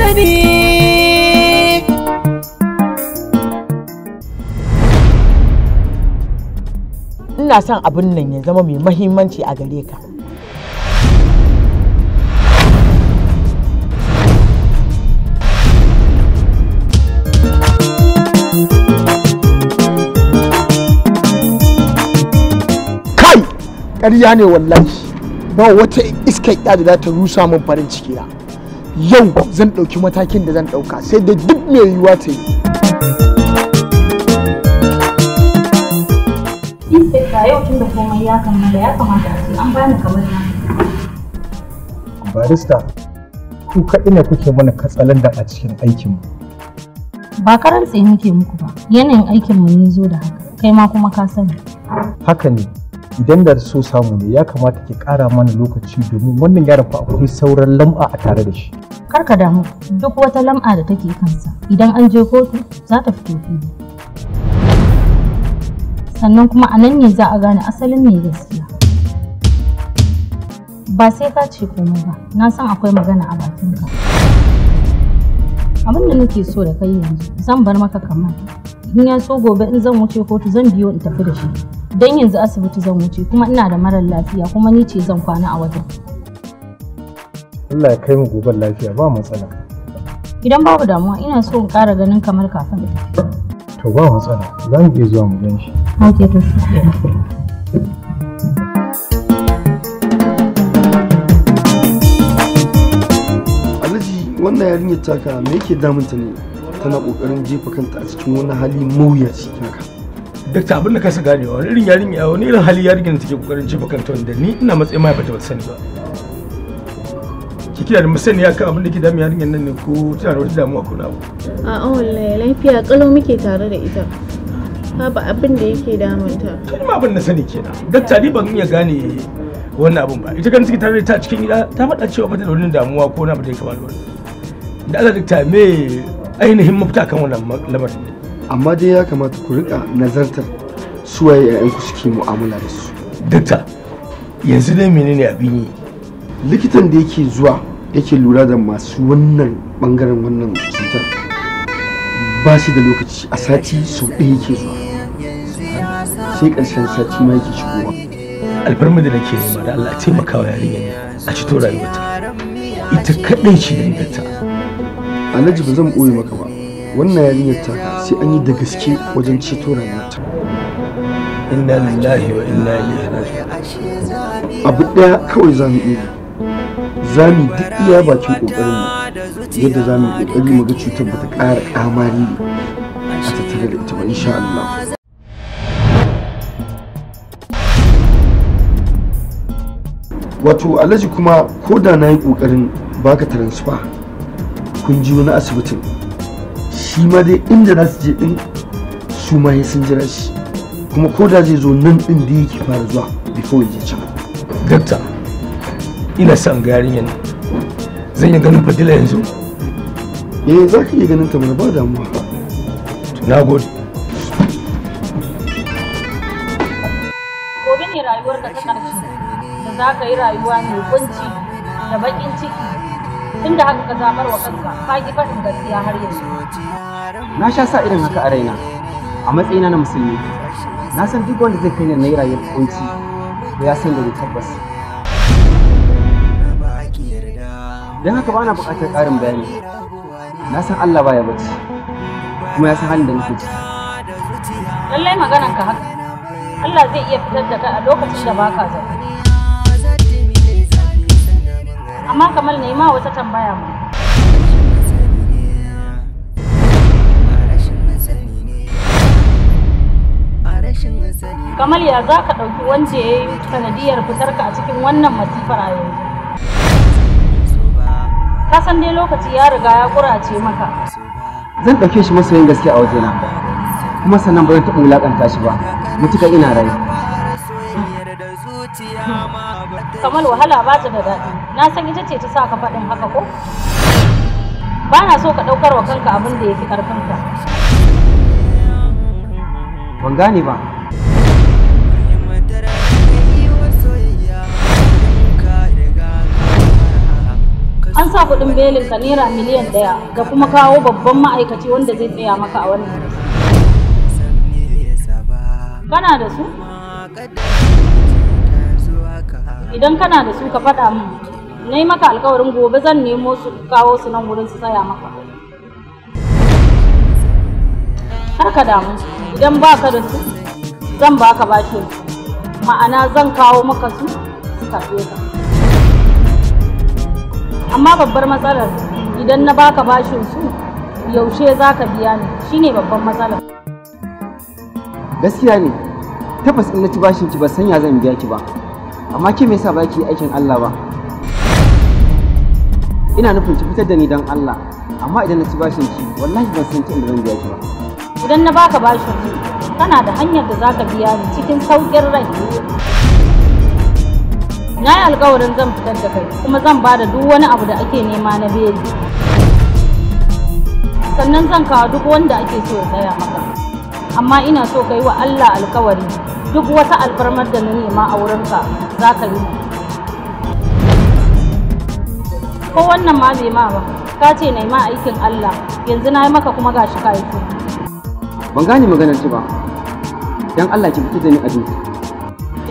sani ina son abin nan ya zama mai mahimmanci a gare ka kai ƙarya ne wallahi ba wata iskar ƙyada za ta rusa min farin ciki na yau zan ɗauki matakin da zan ɗauka sai da duk mai yiwuwa ta yi a Barista, ku kaɗi ne kuke mana katsalandan a cikin aikinmu. Ba karar tsaye muke muku ba, yanayin aikinmu ne zo da haka, kai ma kuma ka sani. Haka ne, idan da so samu ne ya kamata ki ƙara mana lokaci domin wannan yaron fa akwai sauran lam'a a tare da shi. Kar ka damu duk wata lam'a da take kansa idan an je kotu za ta fito fili. Sannan kuma a nan ne za a gane asalin ne gaskiya. Ba sai ka ce komai ba, na san akwai magana a bakinka. Abin da nake so da kai yanzu zan bar maka kamar in ya so gobe in zan wuce kotu zan biyo in tafi da shi don yanzu asibiti zan wuce kuma ina da marar lafiya kuma ni ce zan kwana a wajen Allah ya kai mu gobe lafiya ba matsala idan babu damuwa ina so in ƙara ganin kamar kafin to ba matsala za mu iya zuwa mu gan shi Oke to wannan yarinyar taka me yake damunta ne tana kokarin jefa kanta a cikin wani hali mawuyaci haka dakta abin da kasa ganewa wani irin yarinya wani irin hali yarinya take kokarin jefa kanta wanda ni ina matsayin mahaifata ba ta sani ba kina da masaniya kan abin da ke damun yarinyar nan ne ko tana da wata damuwa ko abu a wallahi oh, lafiya kalau muke tare da ita babu abin da yake damunta kin ma abin na sani kenan dakta ni ban iya gane wannan abin ba ita kan ciki tare ta cikin gida ta faɗa cewa ba ta da wani damuwa ko na ba ta kamar wani da Allah dakta me ainihin mafita kan wannan lamarin amma dai ya kamata ku rika nazartar suwaye 'ya'yanku suke mu'amala da su dakta yanzu dai menene abin yi likitan da yake zuwa yake lura da masu wannan bangaren wannan cutar ba shi da lokaci a sati sau ɗaya yake zuwa sai ƙarshen sati ma yake shigowa alfarma da nake nema da Allah a taimaka wa ne a cito rayuwarta ita kaɗai ce dangarta alhaji ba zan ɓoye maka ba wannan yarinyar ta sai an yi da gaske wajen ceto rayuwarta inna lillahi wa inna ilaihi raji'un abu ɗaya kawai za mu iya za mu duk iya bakin kokarin mu yadda za mu yi mu ga cutar ba ta ƙara ƙamari a tattare da ita ba insha Allah wato alhaji kuma ko da na yi ƙoƙarin baka transfer kun ji wani asibitin shi ma dai inda za su je din su ma ya sun jira shi kuma ko da zai zo nan din da yake fara zuwa before ya can dakta ina son yanzu. zan yi ganin fadila yanzu ne eh, za ka iya ganin ta mana ba damuwa na gode gobe ne rayuwar ka ta ƙarshe da za ka yi rayuwa mai kunci da baƙin ciki tun da haka ka zamar wa kanka ka ki faɗin gaskiya har yanzu na sha sa irin haka a raina a matsayina na musulmi na san duk wanda zai kai na yi rayuwar kunci ya san da ni tabbas don haka bana buƙatar ƙarin bayani na san Allah baya bacci kuma ya san halin da nake ciki lallai maganan ka haka Allah zai iya fitar da kai a lokacin da baka zato amma kamar ne ma wata tambaya mu Kamal ya za ka ɗauki wanda ya yi sanadiyar fitarka a cikin wannan masifar a yanzu? ka san dai lokaci ya riga ya kurace maka zan ɗauke shi masoyin gaske a wajena kuma sannan ba taɓa wulaƙanta shi ba mutuka ina rai kamar wahala ba ta da daɗi na san ita ce ta sa ka faɗin haka ko ba na so ka ɗaukar wa kanka abin da ya fi ƙarfinka ban gane ba an sa kuɗin belin ka naira miliyan ɗaya da kuma kawo babban ma'aikaci wanda zai tsaya maka a wannan kana da su idan kana da su ka faɗa min na yi maka alkawarin gobe zan nemo su kawo su nan wurin su tsaya maka har ka damu idan ba ka da su zan ba ka bashin ma'ana zan kawo maka su su tafiye ka amma babbar matsalar idan na baka bashin su yaushe za ka biya ni shine babban matsalar gaskiya ne tabbas in na ci bashin ki ba san ya zan biya ki ba amma ke me yasa ba ki aikin Allah ba ina nufin ki fitar da ni dan Allah amma idan na ci bashin ki wallahi ban san ta inda zan biya ki ba idan na baka bashin kana da hanyar da zaka biya ni cikin sauƙin rai na yi alkawarin zan fitar da kai kuma zan ba da duk wani abu da ake nema na beji sannan zan kawo duk wanda ake so ya tsaya maka amma ina so ka yi wa allah alkawari duk wata alfarmar da na nema a wurinka za ka yi ko wannan ma bai ma ba ka ce na ma aikin allah yanzu na yi maka kuma gashi ka yi ban gane maganar ci ba don allah ki fita da ni a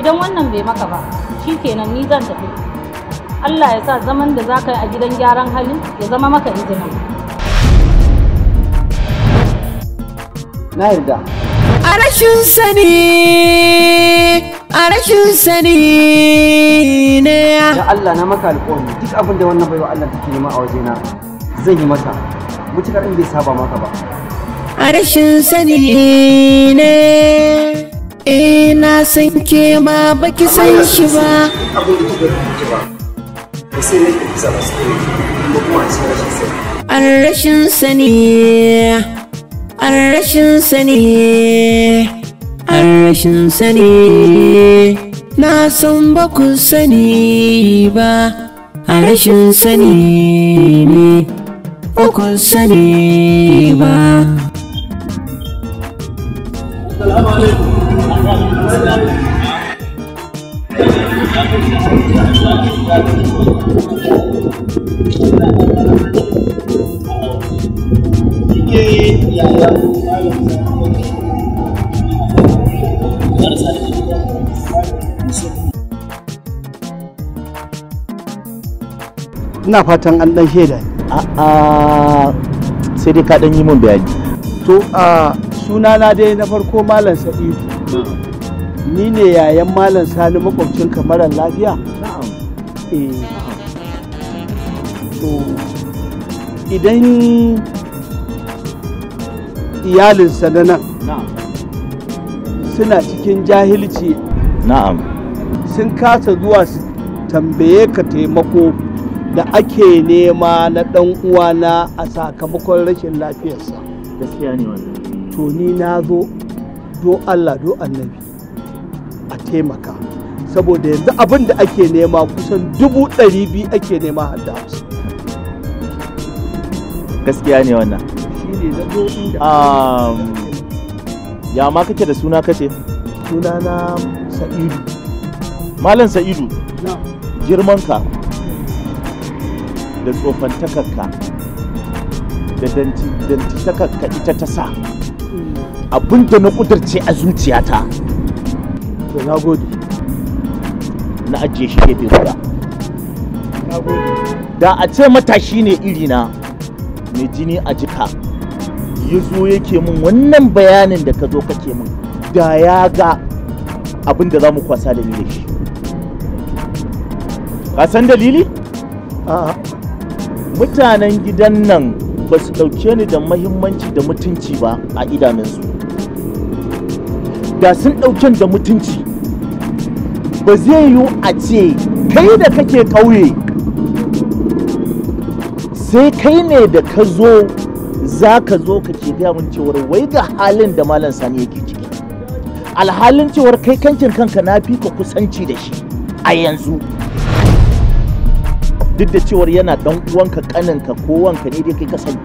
idan wannan bai maka ba kenan ni zan tafi Allah ya sa zaman da za ka yi a gidan gyaran hali ya zama maka izina na yarda a rashin sani a rashin sani ne ya Allah na maka alƙawari duk abin da wannan baiwa Allah take nema a wajena zan yi mata mutukar in bai saba maka ba a rashin sani ne eh na san ke ma baki san shi ba an rashin sani an rashin sani an rashin sani na san ba ku sani ba a rashin sani ne ba ku sani ba Assalamu alaikum. ina fatan an dan shaida a'a sai dai ka dan yi mun bayani to a sunana dai na farko malam sa'idu ni ne yayan malam sani makwabcin kamarar lafiya eh to idan iyalinsa na nan suna cikin jahilci sun kasa zuwa su tambaye ka taimako da ake nema na ɗan uwana a sakamakon rashin lafiyarsa gaskiya ne wannan to ni na zo do Allah do annabi taimaka saboda yanzu abin da ake nema kusan dubu ɗari biyu ake nema wasu gaskiya ne wannan ya ma kake da suna kace suna na sa'idu malam sa'idu girmanka da tsofantakarka da dantitakarka ita ta sa mm. abinda na ƙudurce a zuciyata to na gode na ajiye shi gefe Da na gode da a ce matashi ne irina mai jini a jika ya zo yake min wannan bayanin da ka zo kake min da ya ga abin da za mu kwasa da da shi ka san dalili? mutanen gidan nan ba su ɗauke ni da mahimmanci da mutunci ba a idanunsu da sun ɗauken da mutunci ba zai yiwu a ce kai da kake ƙauye sai kai ne da ka zo za ka zo ka ce gaya mun cewar wai ga halin da malam sani yake ciki alhalin cewar kai kankin kanka na fi ka kusanci da shi a yanzu duk da cewar yana dan uwanka kaninka ko wanka ne dai kai ka sani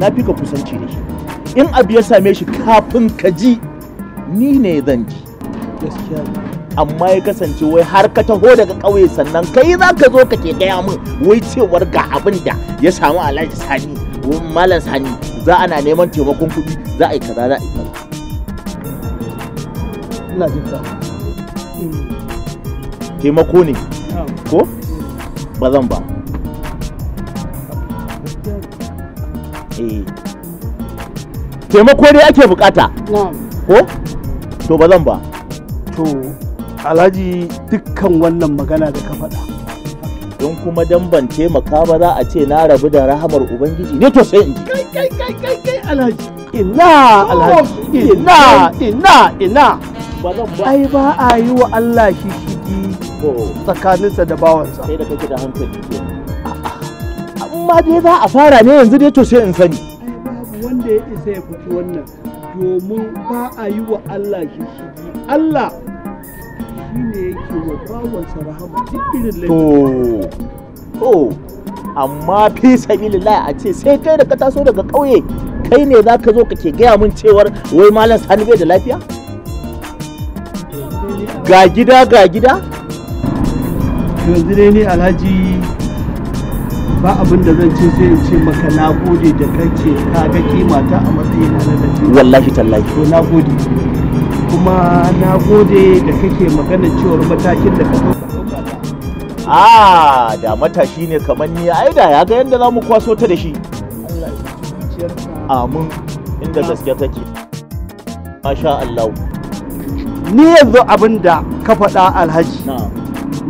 na fi ka kusanci da shi in abu ya same shi kafin ka ji ni ne zan ji amma ya kasance wai har ka taho daga ƙauye sannan kai za ka zo ka ke gaya min wai cewar ga abin da ya samu alhaji sani malam sani za ana neman taimakon kuɗi za a yi kaza za a yi kaza ina jin ka taimako ne ko ba zan ba eh. taimako ne ake bukata ko to ba zan ba to alhaji dukkan wannan magana da ka faɗa don kuma dan ban taimaka ba za a ce na rabu da rahamar ubangiji ne to sai in ji kai kai kai kai kai alhaji ina alhaji oh, ina ina ina ba zan ba ai ba a yi wa Allah shi shishigi tsakaninsa da bawansa sai da kake da hankali ke amma dai za a fara ne yanzu dai to sai in sani wanda ya isa ya fito wannan domin ba a yi wa Allah shi shi Allah shi ne yake wa bawansa rahama cikin lalata. to amma fi sabilillah a ce sai kai da ka taso daga ƙauye kai ne za ka zo ka ke gaya min cewar wai malam sani bai da lafiya ga gida ga gida yanzu ne alhaji ba abin da zan ce sai in ce maka na gode da kace ka ga kima ta a matsayin na da wallahi tallahi to na gode kuma na gode da kake magana cewar matakin da ka dauka a da matashi ne kamar ni ai da ya ga yadda za mu kwaso ta da shi amin inda gaskiya take masha Allah ni yanzu abin da ka faɗa alhaji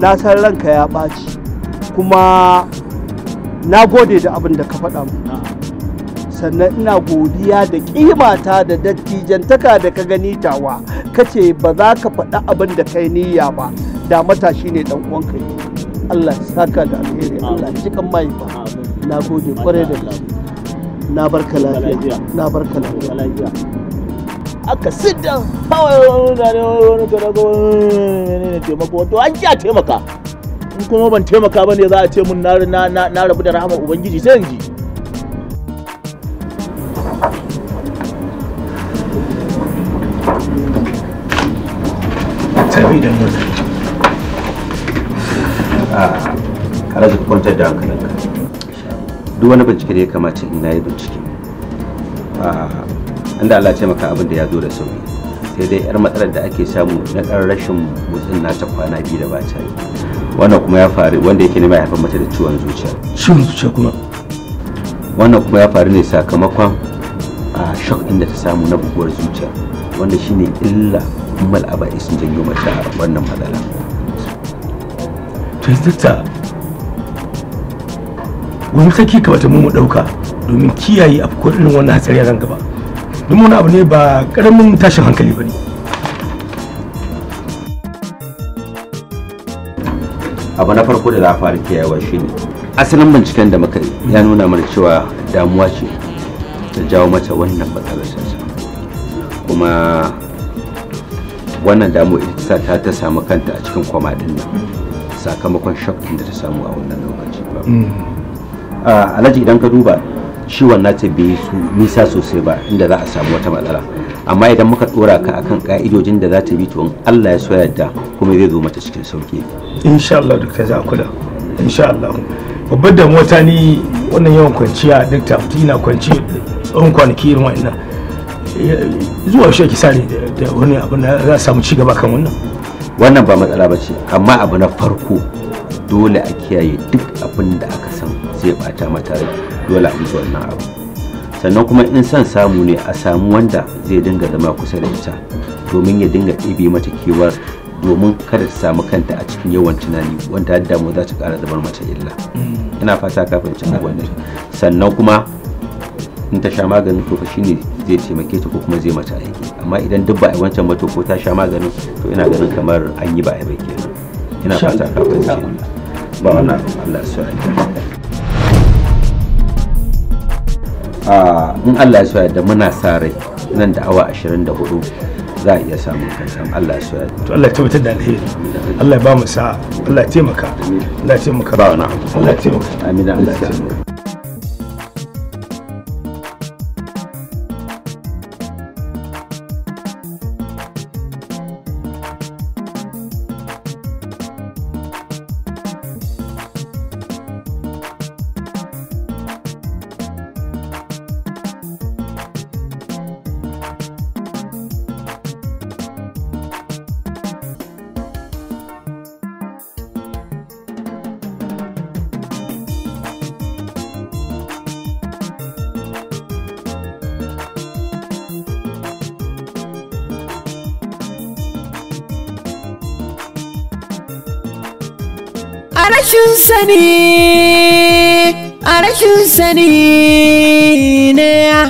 na san ranka ya ɓaci kuma na gode da abin da ka faɗa mu sannan ina godiya da ƙimata da dattijantaka da ka gani tawa ka ce ba za ka faɗa abin da kai niyya ba da matashi ne dan uwan kai Allah saka da alheri Allah mai ba na gode kwarai da na barka lafiya na barka lafiya aka sit down kawai wani wani wani wani wani wani wani wani wani wani wani wani in kuma ban taimaka ba ne za a ce mun na rabu da rahama ubangiji sai in ji kana da ah, kwantar da hankalinka duk wani bincike da ya kamata yi bincike ah, inda Allah ce maka abin da ya zo da sauri sai dai yar matsalar da ake samu na ƙarar rashin motsin nata kwana biyu da ba ta yi wannan kuma ya faru wanda yake nema ya haifar mata da ciwon zuciya ciwon zuciya kuma wannan kuma ya faru ne sakamakon a shock inda ta samu na buguwar zuciya wanda shine illa ummal aba sun janyo mata wannan matsala to yanzu ta wani saki ka wata mu dauka domin kiyaye afkuwar irin wannan hatsari a gaba domin wani abu ne ba karamin tashin hankali ba ne abu na farko da za a fara kiyayewa shine asalin binciken da muka yi ya nuna mana cewa damuwa ce ta jawo mata wannan matsalar sassa kuma wannan damu ita ta ta samu kanta a cikin kwama din nan sakamakon shock da ta samu a wannan lokaci ba mm. ah, alhaji idan ka duba ciwon nata bai su nisa sosai ba inda za a samu wata matsala amma idan muka dora ka akan ka'idojin da za ta bi to in Allah ya so yadda kuma zai zo mata cikin sauki insha Allah duk za kula insha Allah babbar da mota ni wannan yawan kwanciya duk ta ina kwanci tsawon kwanaki irin wa'annan zuwa shi ki sani da wani abu na za a samu ci gaba kan wannan wannan ba matsala ba ce amma abu na farko dole a kiyaye duk abin da aka san zai bata mata rai dole a musu wannan abu sannan kuma in son samu ne a samu wanda zai dinga zama kusa da ita domin ya dinga ɗebe mata kewar domin kada ta samu kanta a cikin yawan tunani wanda har damu za ta ƙara zamar mata illa mm. ina fata ka fahimci wannan sannan kuma in ta sha maganin to shine zai taimake ta ko kuma zai mata aiki amma idan duk ba a wancan ba to ko ta sha maganin to ina ganin kamar an yi ba a yi ba kenan ina fata ka fahimci ba wannan Allah ya sa in Allah ya so da muna sa rai nan da awa 24 za a iya samun kansan Allah su ya to Allah ya tabbatar da alheri Allah ya ba mu sa'a Allah ya taimaka Allah ya taimaka ba wani Allah ya taimaka amin Allah ya taimaka rashin sani a rashin sani ne ya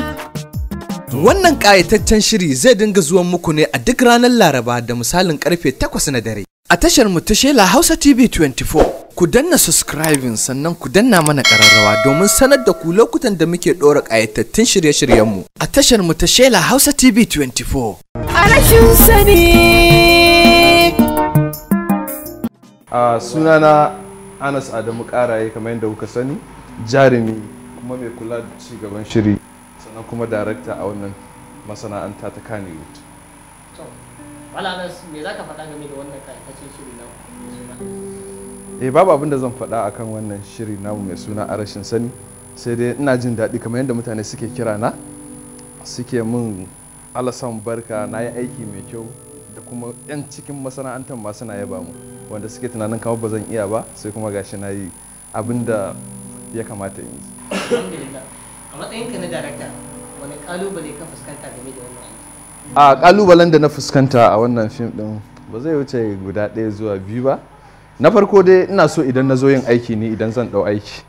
Wannan ƙayataccen shiri zai dinga zuwan muku ne a duk ranar Laraba da misalin karfe 8 na dare. A tashar mu ta Shela Hausa TV 24. Ku danna subscribing sannan ku danna mana ƙararrawa domin sanar da ku lokutan da muke ɗora ƙayatattun shirye-shiryenmu. A tashar mu ta Shela Hausa TV 24. A rashin sani. anas adamu karaye kamar yadda kuka sani jarumi kuma mai kula da ci gaban shiri sannan kuma darakta a wannan masana'anta ta kanewood me za faɗa game da wannan shiri na eh babu abin da zan faɗa akan wannan shiri namu mai suna a rashin sani sai dai ina jin daɗi kamar yadda mutane suke kira na suke min alasan barka na yi aiki mai kyau da kuma 'yan cikin masana'antar ma suna yaba mu wanda suke tunanin kawo ba zan iya ba sai kuma gashi na yi abin da ya kamata yin su. a matsayinka na darakta wani kalubale ka fuskanta game da wannan a kalubalen da na fuskanta a wannan fim din ba zai wuce guda ɗaya zuwa biyu ba na farko dai ina so idan na zo yin aiki ne idan zan ɗau aiki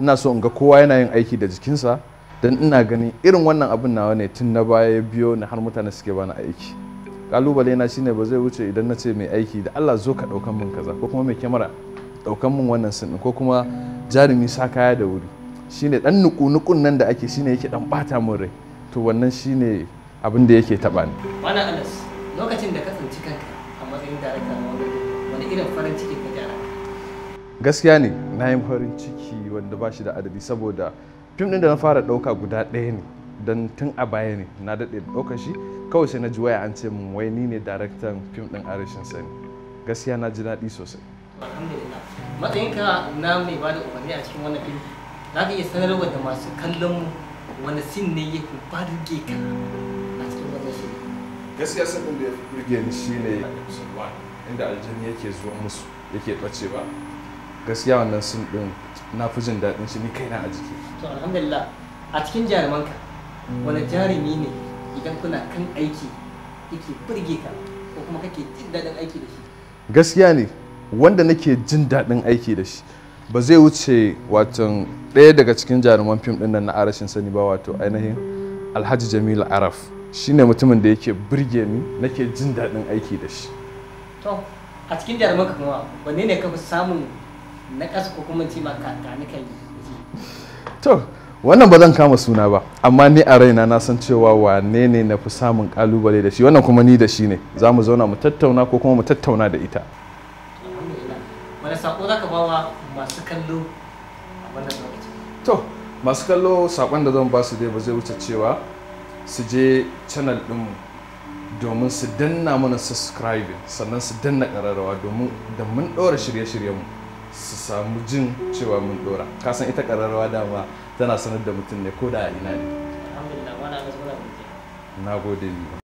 ina so in ga kowa yana yin aiki da jikinsa don ina ganin irin wannan abin nawa ne tun na baya ya biyo na har mutane suke bani aiki kalubale na shine ba zai wuce idan na ce mai aiki da Allah zo ka daukan min kaza ko kuma mai kyamara daukan min wannan sin ko kuma jarumi sa kaya da wuri shine dan nuku nukun nan da ake shine yake dan bata min rai to wannan shine abin da yake taba ni mana anas lokacin da ka tsinci kanka a matsayin darakta na wani wani irin farin ciki ka ji gaskiya ne na yi farin ciki wanda ba shi da adadi saboda fim din da na fara dauka guda ɗaya ne don tun a baya ne na daɗe ɗaukar shi kawai sai na ji waya an ce mun wai ni ne daraktan fim din arishin sani gaskiya na ji daɗi sosai alhamdulillah matsayinka na mai ba da umarni a cikin wannan fim za ka iya sanarwa da masu kallon mu wani sin ne ya fi ba burge ka a cikin wannan shi gaskiya ɗin da ya fi burge ni shine inda aljani yake zuwa musu yake ba, gaskiya wannan sin ɗin na fi jin daɗin shi ni kaina a jiki to alhamdulillah a cikin jarumanka mm. wani jarumi ne idan kuna kan aiki kike burge ka ko kuma kake jin daɗin aiki da shi gaskiya ne wanda nake jin daɗin aiki da shi ba zai wuce watan ɗaya daga cikin jaruman fim ɗin nan na arashin sani ba wato ainihin alhaji jamilu araf shine mutumin da yake burge ni nake jin daɗin aiki da shi to a cikin jaruman ka kuma wanne ne ka fi samun na ƙasa ko kuma ce ma ka ka ni kai to wannan ba zan kama suna ba amma ni a raina na san cewa wane ne na fi samun kalubale da shi wannan kuma ni da shi ne za mu zauna mu tattauna ko kuma mu tattauna da ita wani masu kallo a to masu kallo sakon da zan ba su dai ba zai wuce cewa su je channel ɗinmu domin su danna mana subscribing sannan su danna ƙararrawa domin da mun ɗora shirye-shiryenmu su samu jin cewa mun dora kasan ita kararrawa dama tana sanar da mutum ne ko da a ina ne na gode ni